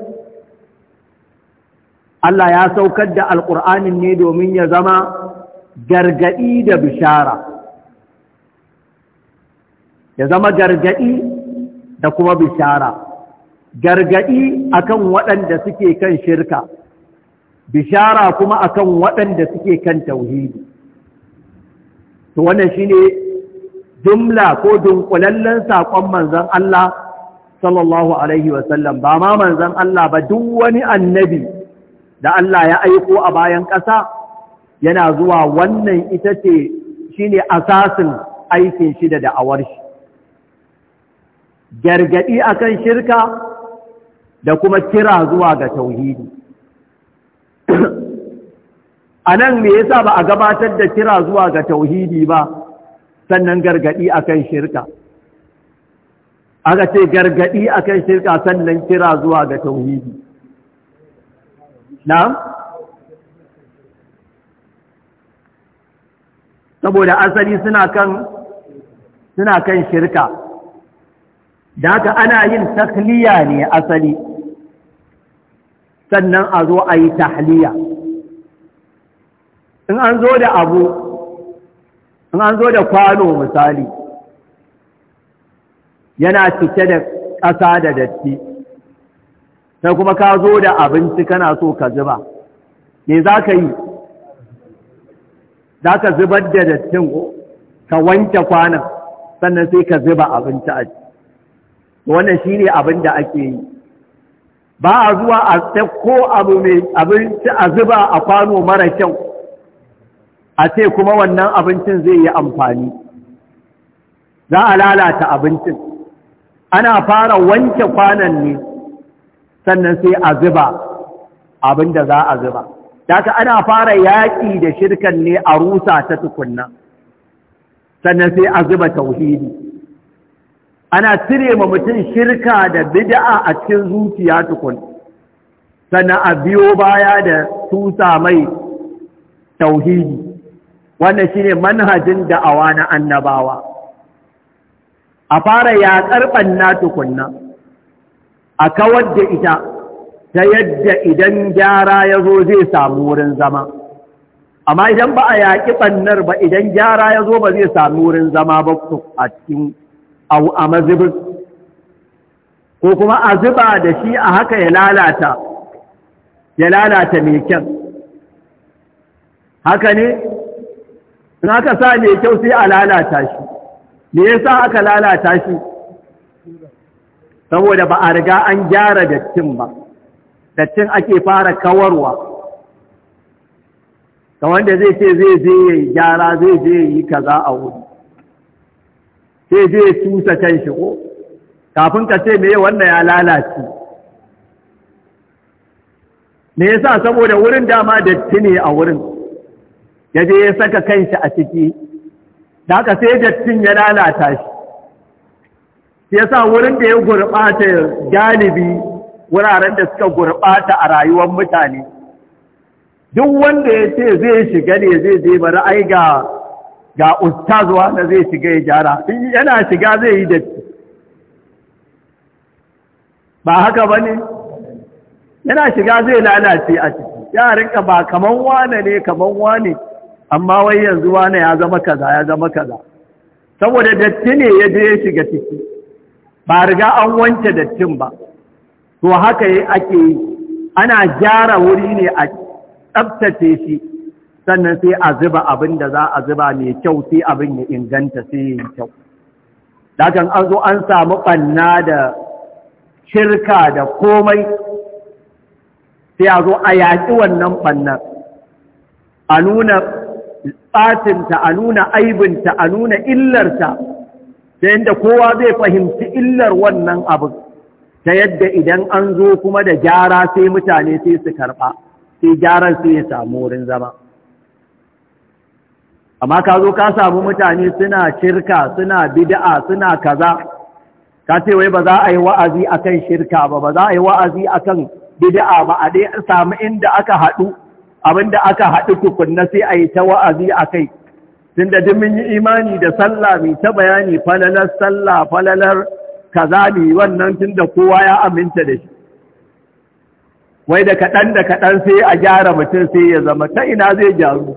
Allah ya saukar da alƙur'anin ne domin ya zama gargaɗi da bishara ya zama gargaɗi da kuma bishara gargaɗi akan waɗanda suke kan shirka bishara kuma akan waɗanda suke kan tauhidi to wannan shine jumla ko dunkulallen saƙon manzon Allah sallallahu alaihi wasallam ba ma manzon Allah ba duk wani annabi da Allah ya aiko a bayan ƙasa yana zuwa wannan ita ce shi ne asasin aikin shi da da'awar shi gargaɗi akan shirka da kuma kira zuwa ga tauhidi a nan me yasa ba a gabatar da kira zuwa ga tauhidi ba sannan gargaɗi akan shirka aka ce gargaɗi akan shirka sannan kira zuwa ga tauhidi na'am saboda asali suna kan suna kan shirka da haka ana yin takliya ne asali sannan a zo a yi tahliya in an zo da abu in an zo da kwano misali yana cike da ƙasa da datti sai kuma ka zo da abinci kana so ka zuba me za ka yi za ka zubar da dattin ka wanke kwanan sannan sai ka zuba abinci a ciki wannan shi ne abin da ake yi ba a zuwa a ko abu mai abinci a zuba a kwano mara kyau a ce kuma wannan abincin zai yi amfani za a lalata abincin ana fara wanke kwanan ne sannan sai a zuba abin da za a zuba Daka ana fara yaƙi da shirkan ne a rusa ta tukunna sannan sai a zuba tauhidi ana cire ma mutum shirka da bid'a a cikin zuciya tukun sannan a biyo baya da tusa mai tauhidi wannan shine manhajin da'awa na annabawa a fara yaƙar ɓanna tukunna a kawar da ita ta yadda idan gyara ya zo zai samu wurin zama amma idan ba a yaƙi ɓannar ba idan gyara ya zo ba zai samu wurin zama ba a cikin a mazibin ko kuma a zuba da shi a haka ya lalata ya lalata mai kyan haka ne in aka sa mai kyau sai a lalata shi me yasa aka lalata shi saboda ba a riga an gyara dattin ba dattin ake fara kawarwa ga wanda zai ce zai zai ya yi gyara zai zai ya yi kaza a wuri sai zai ya tusa can shigo oh, kafin ka ce mai wannan ya lalace me yasa saboda wurin dama datti ne a wurin ya je ya saka kanshi a ciki da haka sai dattin ya lalata shi shi yasa wurin da ya gurɓata galibi wuraren da suka gurɓata a rayuwar mutane duk wanda ya ce zai shiga ne zai zai bari ai ga ga ustaz wanda zai shiga ya gyara yana shiga zai yi datti ba haka ba ne yana shiga zai lalace a ciki yarinka ba kaman wane ne kaman wane amma wai yanzu wane ya zama kaza ya zama kaza saboda datti ne ya je ya shiga ciki ba riga an wanke dattin ba to haka yi ake yi ana gyara wuri ne a tsabtace shi sannan sai a zuba abin da za a zuba mai kyau sai abin ya inganta sai yin kyau dakan an zo an samu ɓanna da shirka da komai sai a zo a yaƙi wannan ɓannan a nuna ɓatinta a nuna aibinta a nuna illarta ta yadda kowa zai fahimci illar wannan abin ta yadda idan an zo kuma da gyara sai mutane sai su karɓa sai gyaran sai ya samu wurin zama amma ka zo ka samu mutane suna shirka suna bid'a suna kaza ka ce wai ba za a yi wa'azi kan shirka ba ba za a yi wa'azi akan bid'a ba a dai samu inda aka haɗu abinda aka haɗu tukunna sai a yi ta wa'azi a kai. tun da duk mun yi imani da sallah mai ta bayani falalar sallah falalar kaza mai wannan tun da kowa ya aminta da shi wai da kaɗan da kaɗan sai a gyara mutum sai ya zama ta ina zai gyaru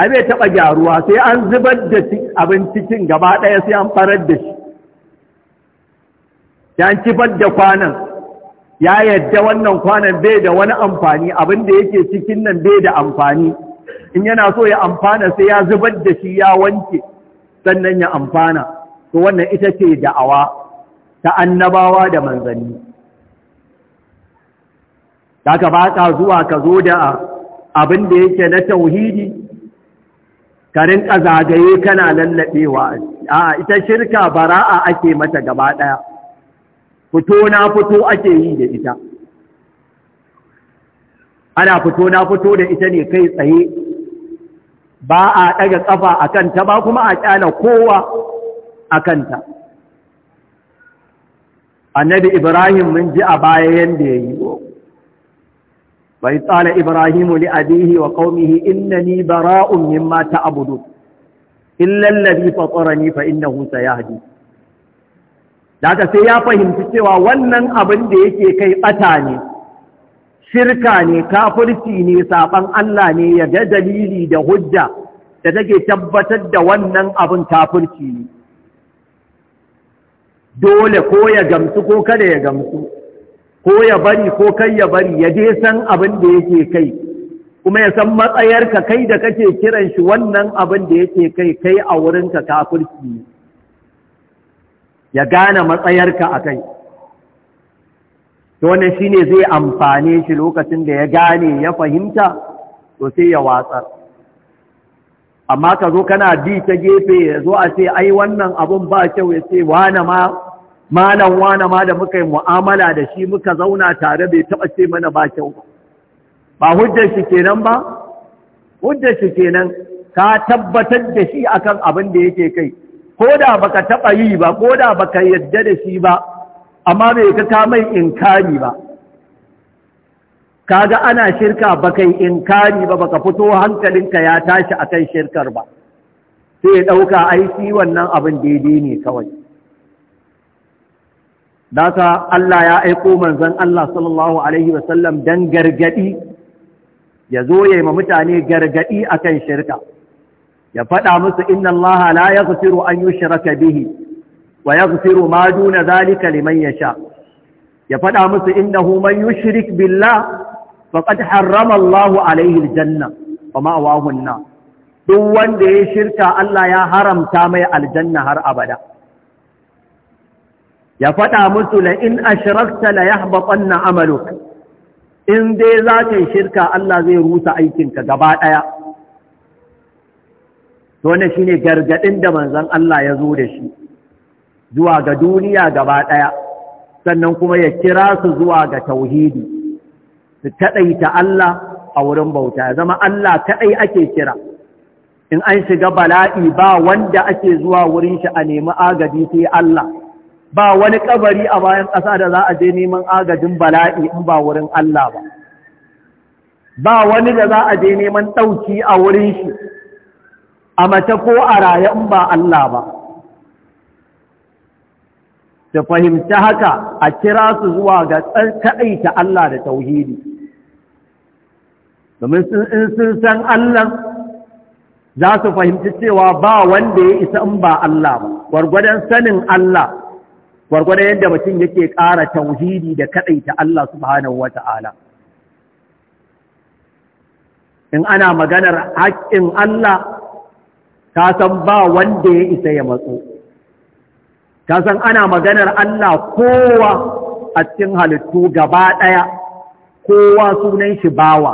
a bai taɓa gyaruwa sai an zubar da abin cikin gaba ɗaya sai an farar da shi Ya kifar da kwanan ya yarda wannan kwanan bai da wani amfani abin da yake cikin nan bai da amfani in yana so ya amfana sai ya zubar da shi ya wanke sannan ya amfana to wannan ita ce da'awa ta annabawa da manzanni daga ba ka zuwa ka zo da abin da yake na tauhidi Karin kazagaye zagaye kana lallabewa a ita shirka bara'a ake mata gaba ɗaya fito na fito ake yi da ita ana fito na fito da ita ne kai tsaye ba a ɗaga ƙafa a kanta ba kuma a ƙyana kowa a kanta annabi ibrahim mun ji a baya yadda ya yi bai tsala ibrahimu li abihi wa qaumihi ni bara'un mimma ta'budu illa alladhi fatarani fa ya sayahdi daga sai ya fahimci cewa wannan abin da yake kai ɓata ne shirka ne kafirci ne saɓan Allah ne ya ga dalili da hujja da take tabbatar da wannan abin kafirci ne dole ko ya gamsu ko kada ya gamsu ko ya bari ko kai ya bari ya je san abin da yake kai kuma ya san matsayarka kai da kake kiran shi wannan abin da yake kai kai a wurinka kafirci ne ya gane matsayarka a kai to wannan shine zai amfane shi lokacin da ya gane ya fahimta to sai ya watsar amma ka zo kana bi ta gefe ya zo a ce ai wannan abun ba kyau ya ce wane ma malam wane ma da muka yi mu'amala da shi muka zauna tare bai taɓa ce mana ba kyau ba hujjar shi kenan ba hujjar shi kenan ka tabbatar da shi akan abin da yake kai ko da baka taɓa yi ba ko da baka yarda da shi ba amma bai ka ta mai inkari ba kaga ana shirka baka inkari ba baka fito hankalinka ya tashi akan shirkar ba sai ya ɗauka aiki wannan abin daidai ne kawai Daka Allah ya aiko manzon Allah sallallahu alaihi wasallam dan gargadi ya zo ya yi ma mutane gargadi akan shirka ya faɗa musu inna Allah la yaghfiru an yushraka bihi wa yaghfiru ma duna zalika liman yasha ya faɗa musu innahu man yushrik billah faqad harrama Allahu alaihi aljanna wa ma'awahu an duk wanda ya shirka Allah ya haramta mai aljanna har abada ya faɗa musu la in ashrakta la yahbatanna amaluk in dai za ka yi shirka Allah zai rusa aikinka gaba ɗaya to ne shine gargadin da manzon Allah ya zo da shi zuwa ga duniya gaba ɗaya sannan kuma ya kira su zuwa ga tauhidi su taɗaita Allah a wurin bauta ya zama Allah kaɗai ake kira in an shiga bala'i ba wanda ake zuwa wurin shi a nemi agaji sai Allah ba wani ƙabari a bayan ƙasa da za a je neman agajin bala'i in ba wurin Allah ba ba wani da za a je neman ɗauki a wurin shi a mace ko a raye in ba Allah ba Su fahimci haka a kira su zuwa ga tsarkaita Allah da tauhidi domin in sun san Allah za su fahimci cewa ba wanda ya isa in ba Allah ba gwargwadon sanin Allah gwargwadon yadda mutum yake ƙara tauhidi da kaɗaita Allah subhanahu Ta'ala. in ana maganar haƙƙin Allah ka san ba wanda ya isa ya matsu. ka san ana maganar Allah kowa a cikin halittu gaba ɗaya kowa sunan shi bawa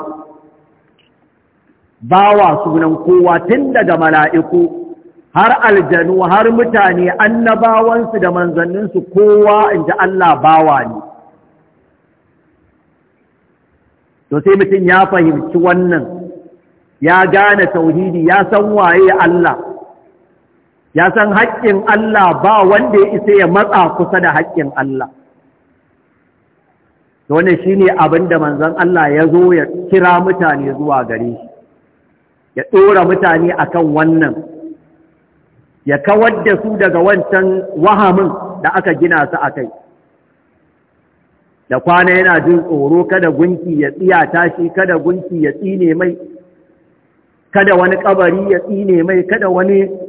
bawa sunan kowa tun daga mala'iku har aljanu har mutane annabawansu da manzanninsu kowa in ji Allah bawa ne to sai mutum ya fahimci wannan ya gane tauhidi ya san waye Allah ya san haƙƙin Allah ba wanda ya isa ya matsa kusa da haƙƙin Allah shi ne abin da manzon Allah ya zo ya kira mutane zuwa gare shi ya ɗora mutane a kan wannan ya kawar da su daga wancan wahamin da aka gina su a kai da kwana yana jin tsoro kada gunki ya tsiya tashi, kada gunki ya tsine mai kada wani kabari ya tsine mai kada wani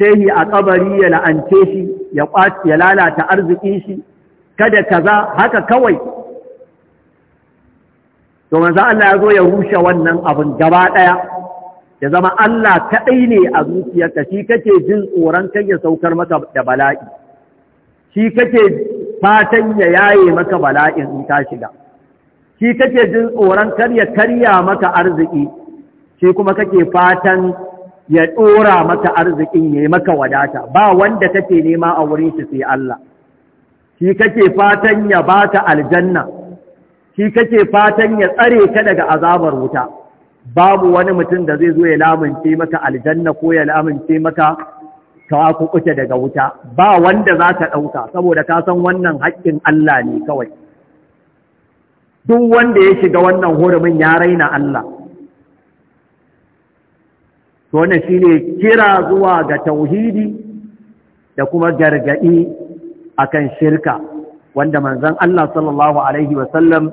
shehi a kabari ya la'ance shi ya ya lalata arziki shi kada kaza haka kawai to manzo Allah ya zo ya rushe wannan abin gaba daya ya zama Allah kadai ne a zuciyarka shi kake jin tsoron kai ya saukar maka da bala'i shi kake fatan ya yaye maka bala'in in ka shiga shi kake jin tsoron kar ya karya maka arziki shi kuma kake fatan ya ɗora maka arzikin ya yi maka wadata ba wanda kake nema a wurin shi sai Allah shi kake fatan ya ba ta aljanna shi kake fatan ya tsare ka daga azabar wuta babu wani mutum da zai zo ya lamunce maka aljanna ko ya lamunce maka ka daga wuta ba wanda za ka ɗauka saboda ka san wannan haƙƙin Allah ne kawai duk wanda ya shiga wannan hurumin ya raina Allah to shi shine kira zuwa ga tauhidi da kuma gargadi akan shirka wanda manzon Allah sallallahu alaihi wasallam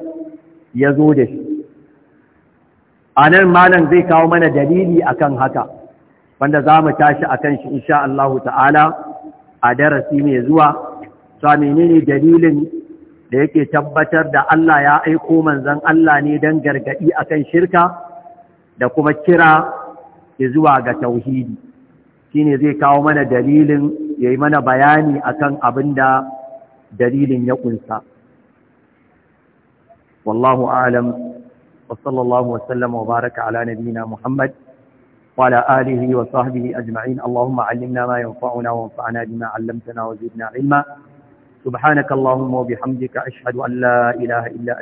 ya zo da shi nan malam zai kawo mana dalili akan haka wanda za mu tashi akan shi insha Allah ta'ala a darasi mai zuwa sa menene dalilin da yake tabbatar da Allah ya aiko manzon Allah ne don gargadi akan shirka da kuma kira zuwa ga tauhidi shine zai kawo mana dalilin yayi mana bayani akan abinda dalilin ya kunsa wallahu a'lam wa sallallahu wa sallama wa baraka ala nabiyyina muhammad وعلى آله وصحبه أجمعين اللهم علمنا ما ينفعنا وانفعنا بما علمتنا وزدنا علما سبحانك اللهم وبحمدك أشهد أن لا إله إلا